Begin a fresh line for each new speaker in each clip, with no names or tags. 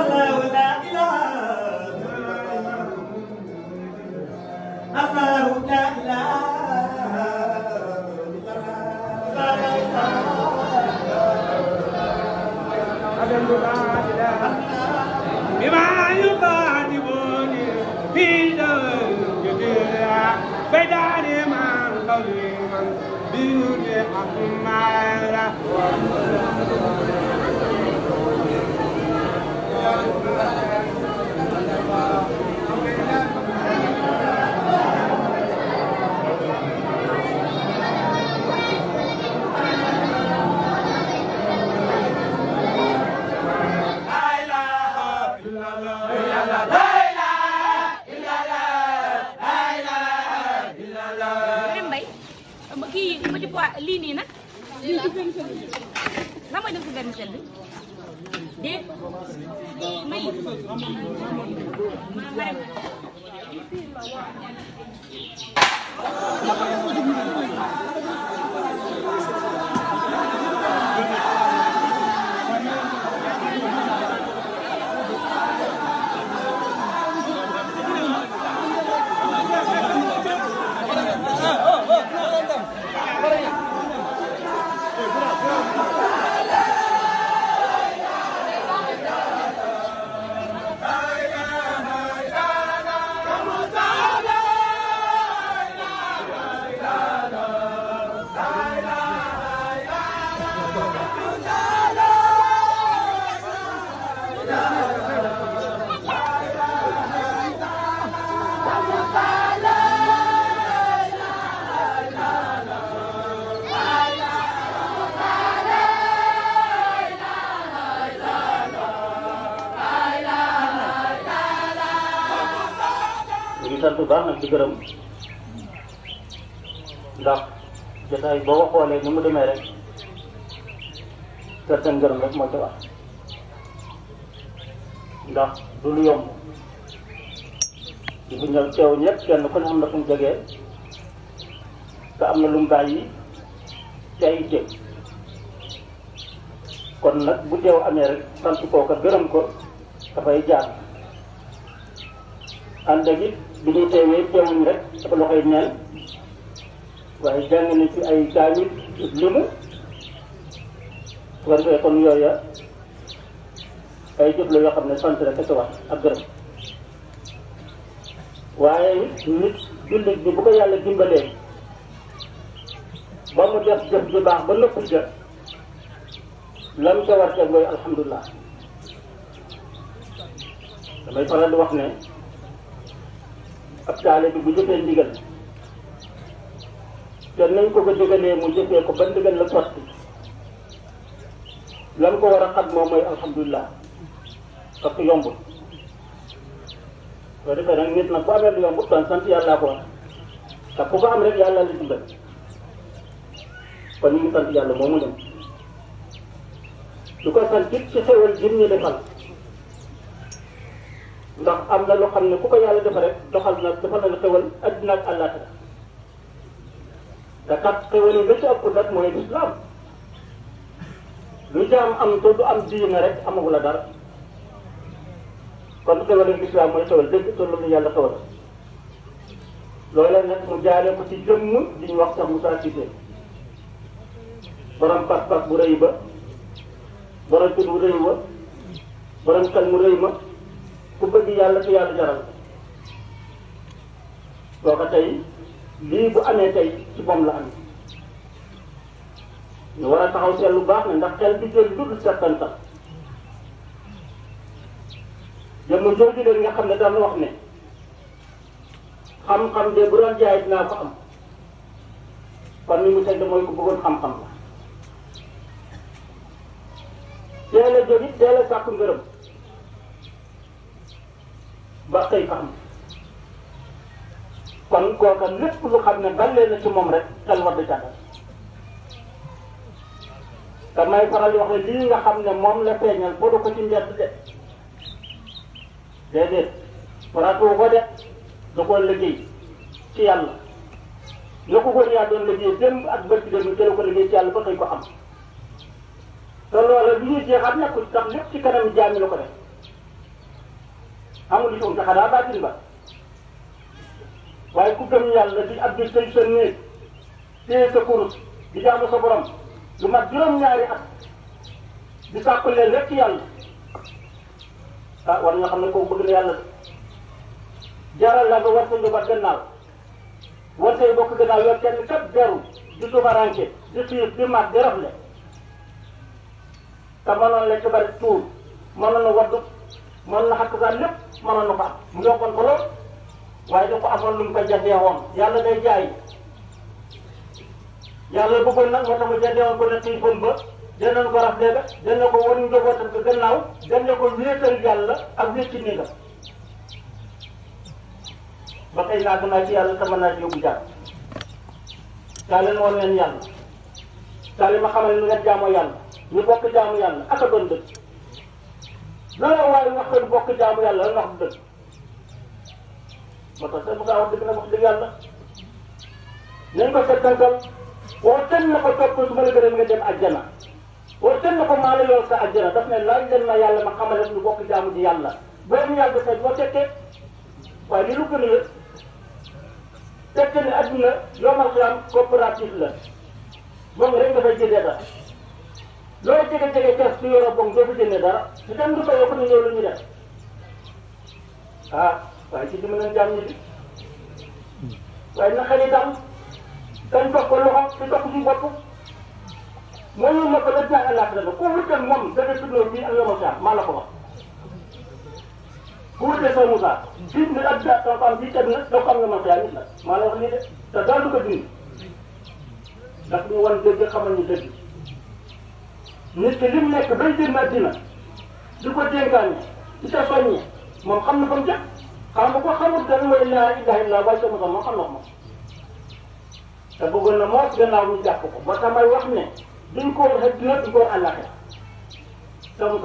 الله لا إله الله لا إله الله لا إله lii nii nag lan mooy dem si vermicelle bi déet may ma nag di gërëm ndax jotaay boo xoolee ni mu demee rek gërëm rek ndax du lu yomb di fi ñëw teew ñëpp kenn ku ne am na fu mu jógee te am na lu mu bàyyi ci ay kon nag bu teew amee rek sant gërëm ko dafay jaar ànd ak it bi ñu teewee teewuñ rek ak loxoy neen waaye jàng na ci ay kaamil lu mu war koy comme yooya ay jëf la yoo xam ne sant rek ak wax ak gërëm waaye nit jullit bi bu ko yàlla dimbalee ba mu def jëf ju baax ba nëpp ja lam war damay faral di wax ne ak taale bi bu jëfee ndigal te nañ ko ko digalee mu jëfee ko ba ndigal la sotti lan ko war a xam moom mooy alhamdulilah parce que yombul soo defee nag nit nag ku amee lu yombul kon sant yàllaa ko wax te ku ko am rek yàlla li dimbal kon ñu sant yàlla moomu dem du ko sant it ci xewal jëm ñu defal ndax am na loo xam ne ku ko yàlla defa rek doxal na defal na la xewal adduna ak àllaaxira te kat xewal yi nga ci ëpp nag mooy lislaam lu jaam am te du am diine rek amagu la dara kon xewal lislaam mooy xewal dëgg te loolu yàlla xewal loolee nag mu jaaree ko ci jëmm di ñu wax sax Moussa Cissé borom pas-pas bu rëy ba borom fit bu rëy ba borom xel mu rëy ma ku bëgg yàlla su yàlla jaral boo ko tey lii bu amee tey ci moom la amee ñu war a taxaw seetlu baax na ndax xel bi jël lu dul settantal jëmm jooju leen nga xam ne daan wax ne xam-xam de bu doon jaay dinaa ko am mu tedd mooy ku bëggoon xam-xam la teel a jóg it teel ba xëy fa am kon kooka lépp lu xam ne ballee na ci moom rek xel war di jàngal damay wax lii nga xam ne moom la feeñal bodu ko ci mbedd de déedéet waratu ko de da koo liggéey ci yàlla la ko góor yaa doon liggéey ak bërki démb ci ko liggéey ci yàlla ba xëy ko am te loola li ñuy jeexaat nekkul tax lépp ci kanam jaami la ko def amul soom te xanaa baatin ba waaye ku gëm yàlla di ab di tëj sa néeg téye sa kurus di jaamu sa borom lu mat juróom-ñaari at di sàkku leen rek yàlla ah war nga xam ne kooku bëgg na yàlla jaral la nga war sa njaboot gannaaw war say bokk gannaaw yow kenn kat beru di subaranke di xiif di mat di rafle te mënoon lekk bari tuur mënoon a waddu man laxat ko daal lépp mënoon na ko am mu yokkoon ko lool waaye da ko amoon lu mu ko jafee woon yàlla day jaay yàlla bëggoon nag moo tax mu jafee woon ko ne xiifoon ba danañ ko rafetee ba danañ ko wan njabootam ko gannaaw danañ ko wéetal yàlla ak wécci ni la ba tey nag naa ci yàlla sama naa ci yóbbu jàpp kaa leen wan leen yàlla kaa leen ma xam ne nga jaamoo yàlla ñu bokk jaamu yàlla ak a doon dëkk loola waaye waxoon bokk jaamu yàlla lan wax dëgg moo tax sax bu ngaa wax dëgg nag wax dëgg yàlla nañ ko settantal woo ten na ko topp su ma la gërëm nga dem àjjana woo ten na ko maa la yool sa àjjana daf ne laaj leen ma yàlla ma xamal leen lu bokk jaamu ji yàlla boobu yàgg sa boo tekkee waaye li lu gën la tekkee ne adduna yoomal xiyaam coopérative la moom rek dafay jëlee dara loolu jege jege kees bi yoroo boog doo ko jëndee dara su dem du ko yokk ñu ñëw lu ñu def ah waaye ci dimbali nañ jàmm ñi na xel itam kan jox ko loxo te jox ko suñu bopp mooy yow ma ko la jaaxal laata la ba ku wutal moom dana tuddoo bii ak yomoo saa ko wax. ku wutee soo Moussa biñ ne ak daa sama femme ko am nga mos yaa ngi la maa la de te daal du ko dindi nit ki lim nekk bay génn àddina di ko dénkaani di ko soññi moom xam na fa mu jàpp xam nga ko xamul dana mooy laa ilaha illa waaye sama xam moom xam na ko moom te bëggoon na moos gannaaw ñu jàpp ko ba tamay wax ne duñ ko wax àddina duñ ko wax àllaxira donc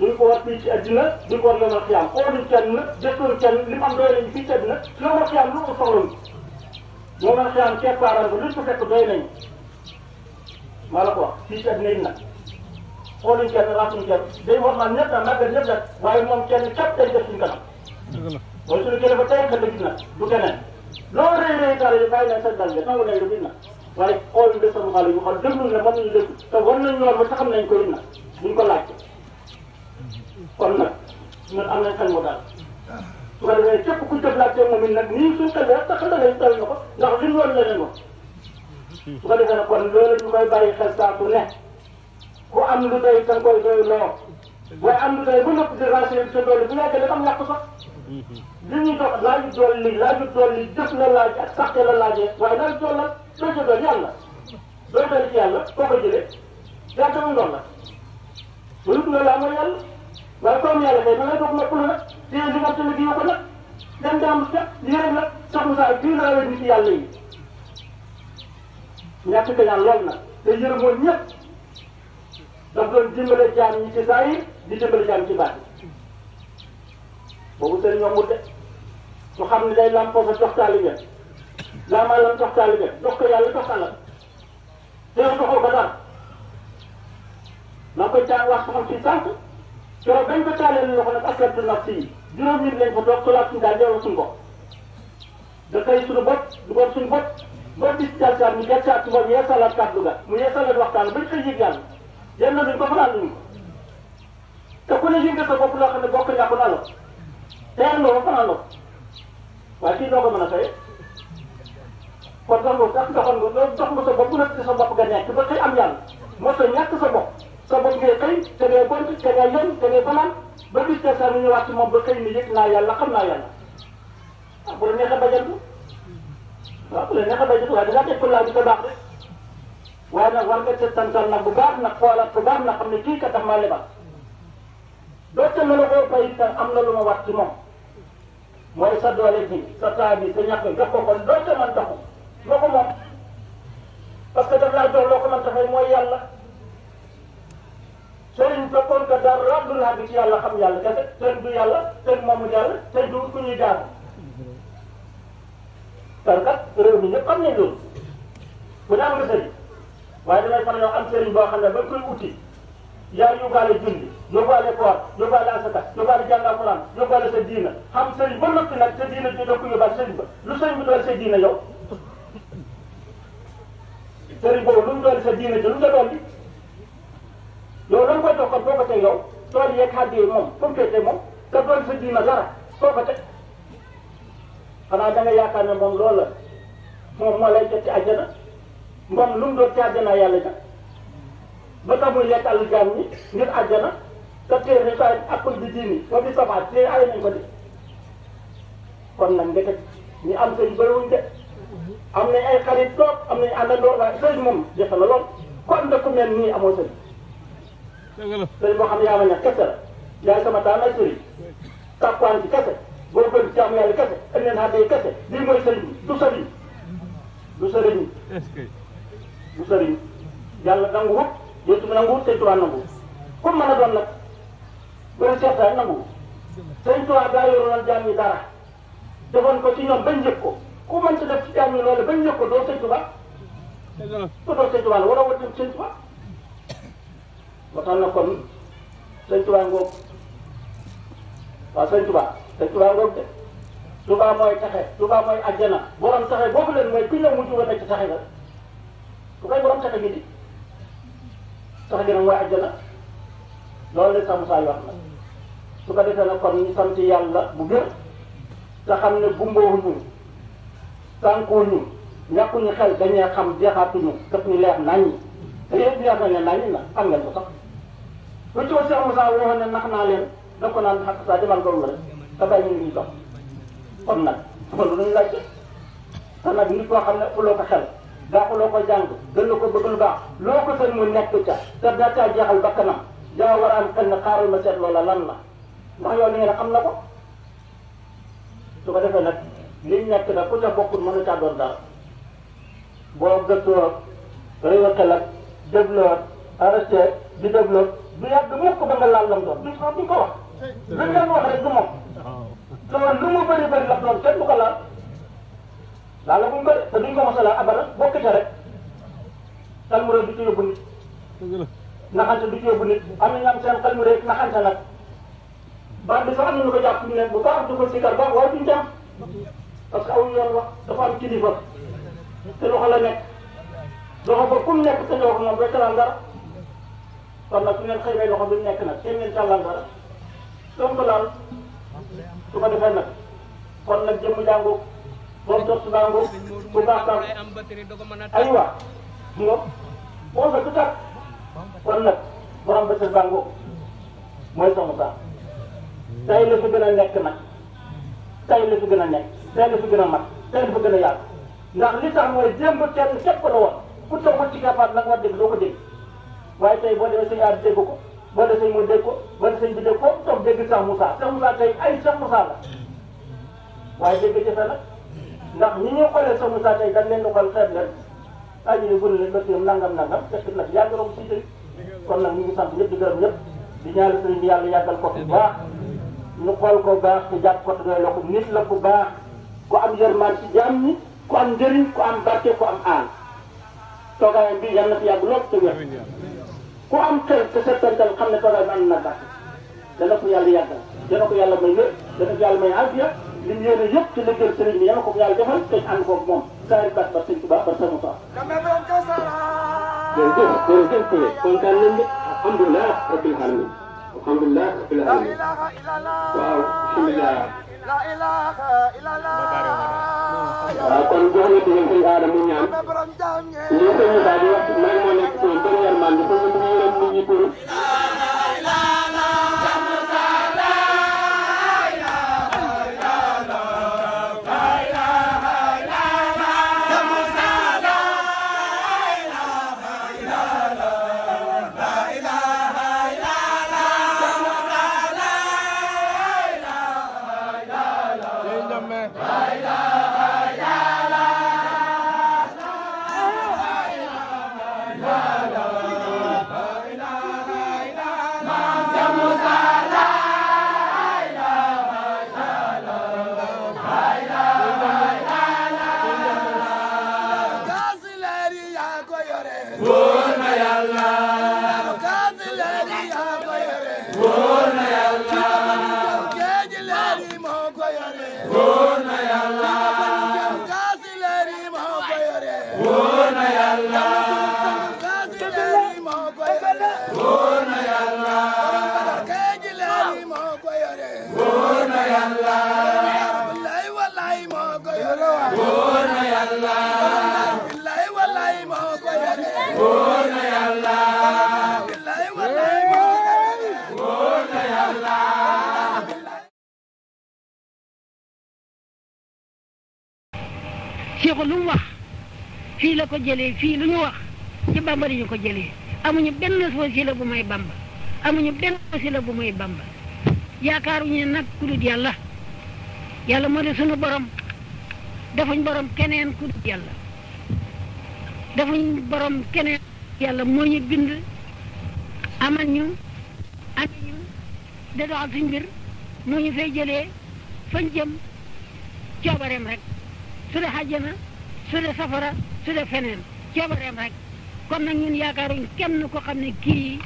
duñ ko wax fii ci àddina duñ ko wax yomal xiyaam xooluñ kenn jëstuñ kenn li mu am doy nañ fii ci àddina yomal xiyaam lu ko soxla yomal xiyaam keppaaram ba luñ ko fekk doy nañ maa la ko wax fii ci àddina yi xooluñ kenn ràccuñ kenn day wax naan ñëpp nag màggal ñëpp nag waaye moom kenn képp tey def suñu kanam. dëgg la mooy suñu keneen ba tey xel gis na du keneen loolu rëy rëy taal yi bàyyi leen seen dal de sangu nañ la gis na waaye xool de sama xale yu xool déglu na moom ñu déglu te war nañ ñoor ba taxam nañ ko gis na buñ ko laajte kon nag ñun am nañ xel mu daal. su ko defee képp ku jot laajte moom it nag nii suñ xel rek taxal na lay tal na ko ndax liñ woon la leen wax su ko defee nag kon loolu ñu koy bàyyi xel saa su ne. ku am lu doy da nga koy doy loo waaye am lu bu noppi di renseigné sa doole bu yàggee dafa am ñàkk sax li ñuy dox laaju dool li laaju dool li jëf la laaj ak saxte la laajee waaye laaju dool la doo ca dool yàlla doo dool ci yàlla koo ko jëlee yàlla dama doon la mënut nga laa mooy yàlla waaye comme yàlla kay da ngay doog nopp lu nag te li nga tënk ko nag dem daam set lii rek la soxna saa bii naa la nit yàlla yi ñàkk lool na te yërëmoon ñëpp daf doon dimbale jaam ci saa yi di dimbale jaam ci baat yi boobu seen yombul de su xam ne day lampoo sa jox taalibe laamaa lan jox taalibe jox ko yàlla jox alal te yow joxoo ko dara na nga koy jàng wax sama ci sànq keroog bañ ko taalee li xam ne askan bi naf si juróom nit lañ fa doog ko laaj suñu daal delloo suñu bopp da koy suñu bopp du bopp suñu bopp boo di si jàll mu gàccaat suñu bopp yeesalaat kàddu ga mu yeesalaat waxtaan ba koy yëg yàlla yàlla duñ ko fa laal te ku ne jiw nga sa bopp loo xam na la teel loo fa la waaye kii doo ko mën a fay kon sax tax doxal nga loolu dox nga sa bopp ci sa bopp nga nekk ba xëy am yàlla moo tax ñàkk sa bopp sa bopp ngay xëy te ngay te te ba te sa ñu ci ba ni xam ko waaye nag war nga seetantal nag bu nag bu baax nag xam ne kii kat am na lu ma war ci moom mooy sa doole ji sa taa bi sa ñàkk bi jox man taxu moo ko moom parce daf laa jox loo man taxay mooy yàlla sëriñ fekkoon que dara du laa bi yàlla xam yàlla kese sëriñ du yàlla sëriñ moomu yàlla sëriñ du ku ñuy jaar parce que réew mi ñëpp xam nañ loolu bu daan nga sëriñ waaye damay faral am sëriñ boo xam ne ba koy uti yaa yóbbaale julli yóbbaale koor yóbbaale asaka yóbbaale jàng alquran yóbbaale sa diina xam sëriñ ba noppi nag sa diina ji doo ko yóbbaale sëriñ ba lu sëriñ bi doon sa diina yow sëriñ boobu lu mu doon sa diina ji lu nga doon bi yow lan koy jox kon boo ko teg yow tool yeeg xàddi yi moom fu mu koy teg moom ka doon sa diina dara soo ko teg xanaa da nga yaakaar ne moom loolu la moom moo lay jot ci àjjana mbon lu mu doon ci àjjana yàlla ja ba tax muy lekk àll jaam ñi ngir àjjana te téere ni saa akul bi diini ba bi safaat téere ay nañ ko di kon nag ndeket ñu am sëñ bëriwuñ de am nañ ay xarit toog am nañ àndandoo waaye sëñ moom jafe la lool kon de ku mel nii amoo sëñ sëñ boo xam ne yaa ma ñax kese la yaay sama taan ay sëriñ tàppaan ci kese boo bëgg jaamu yàlla kese ënneen xàddee kese lii mooy sëriñ du sëriñ du sëriñ bu sëriñ yàlla nangu wut yéen mu nangu wut sëñ Tuubaa nangu comme mën doon nag loolu Cheikh Saal nangu sëñ Tuubaa daa yoroon jaam ñi ko ci ñoom bañ yëg ko ku mën ci def ci loolu bañ ko doo sëñ Tuubaa ko doo la war a wut sëñ Tuubaa ba tax na kon sëñ Tuubaa ngoog waaw sëñ Tuubaa sëñ de Tuubaa mooy taxe Tuubaa mooy àjjana borom taxe boobu leen mooy ku ñëw mujj woon nekk taxe la ku koy borom texe gi di texe gi nag mooy àjjana loolu la sàmm saay wax la su ko defee nag kon ñu sant yàlla bu gër te xam ne gumbóowuñu tànkuwuñu ñàkkuñu xel dañuy xam jeexaatuñu këpp ñu leer naññi te yéen leer ne naññi na xam ngeen ko sax lu ci Cheikh Moussa waxoon ne nax naa leen da ko naan xaq saa demal loolu rek te bàyyi ñu ngi dox kon nag loolu lañu laajte te nag nit koo xam ne fuloo ko xel daaxuloo ko jàng gën la ko bëgg lu baax loo ko seen mu nekk ca te da caa jeexal ba kanam daa war a am xel ne xaaral ma seet loola lan la ndax yow li nga ne xam na ko su ko defee nag liñ nekk nag ku ca bokkul mënu caa doon dara boo gëstoo réwatal ak développe arrêté di développe du yàgg mukk ba nga laal lam doon duñ ko ko wax luñ leen wax rek du moom loolu lu mu bëri bëri la doon kenn du ko laal laala buñ ko te duñ ko mosala abada bokk ca rek xel mu rëy du ci yóbbu nit. naxante du ci yóbbu nit am nañ am seen xel mu bi sax am na ñu du ko sikar baax waaye duñ jàpp parce que awuñu yoon wax dafa am kilifa te loxo la nekk loxo ba ku nekk te loxo moom rek la dara kon nag su ngeen xëy bay loxo bi nekk nag seen ngeen tàllal dara donc laal su ko defee nag kon nag moom toog subaango bu baax a baax aywa mu nga moom la du tàkk kon nag borom bët subaango mooy soxna Ba tey la fi gën a nekk nag tey la fi gën a nekk tey la fi gën a mat tey la fi gën a yàgg ndax li tax mooy démb kenn képp la woon ku toogul ci gàppaat la nga war dégg doo ko dégg waaye tey boo demee sëñ Aadi dégg ko boo demee sëñ mu dégg ko boo demee sëñ bi dégg ko toog dégg Cheikh Moussa Cheikh Moussa tey ay Cheikh Moussa la waaye dégg jafe nag. ndax ñi ñuy xoolee Cheikh Moussa tey dañ leen di xool xeet leen ah ñu ne bu ne leen nangam nangam fekk nag yàgg na ko si jëriñ kon nag ñu ngi sant ñëpp di gërëm ñëpp di ñaari sëriñ bi yàlla yàggal ko bu baax ñu xool ko baax te jàpp ko te doy la ko nit la ku baax ku am yërmaan ci jaam ñi ku am njëriñ ku am barke ku am aan toogaayam bi yàlla na fi yàgg lool te wér ku am xel te settantal xam ne toogaay bi am na barke dana ko yàlla yàggal dana ko yàlla may wér dana ko yàlla may àgg li mu yéene yëpp ci liggéey sëriñ bi yàlla ko yàlla defal te ñu ànd koog moom saa yu baax ba sëñ Tuubaa ba sëñ Tuubaa. jërëjëf jërëjëf Touré kontaan nañ de alhamdulilah rabbil alamin alhamdulilah rabbil alamin waaw bisimilah. waaw kon jox na digal sëñ Adama mu ñaan lii sëñ Moussa di wax man moo nekk ci benn yërmande foofu mu ngi yërëm nit ñi pour. moo ko yore wóor na yàlla gaasileeri moo ko yore wóor na yàlla
gaasileeri
moo ko yore wóor na yàlla keejileeri moo ko yore wóor na yàlla billahi wallahi moo ko yore wóor na yàlla billahi wallahi moo ko yore wóor na yàlla séexu lu wax fi la ko jëlee fi lu ñu wax ci bamba ñu ko jëlee amuñu benn wasila bu may bamba amuñu benn wasila bu may bamba yaakaaruñu nag ku dul yalla yalla mo di sunu borom dafuñ borom keneen ku dul yàlla borom keneen yalla mo ñu bind amal ñu ak ñu da do suñ mbir mo ñu fay jëlee fañ jëm coobareem rek sule dee sule su dee safara su dee feneen jabareem rek kon nag ñun yaakaaruñ kenn ko xam ne kii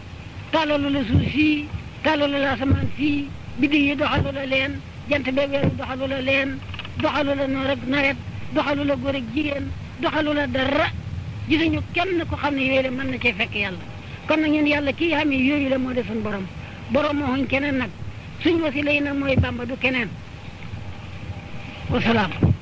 tàllalu la suuf sii tàllalu la asamaan sii biddi yi doxalu la leen jant bee weeru doxalu la leen doxalu la noor ak nawet doxalu la góor ak jigéen doxalu la dara gisuñu kenn ko xam ne yooyu mën na cee fekk yàlla kon nag ñun yàlla kii xam ne yooyu la moo def suñ borom borom moo xuñ keneen nag suñ wasi yi nag mooy bàmba du keneen wasalaam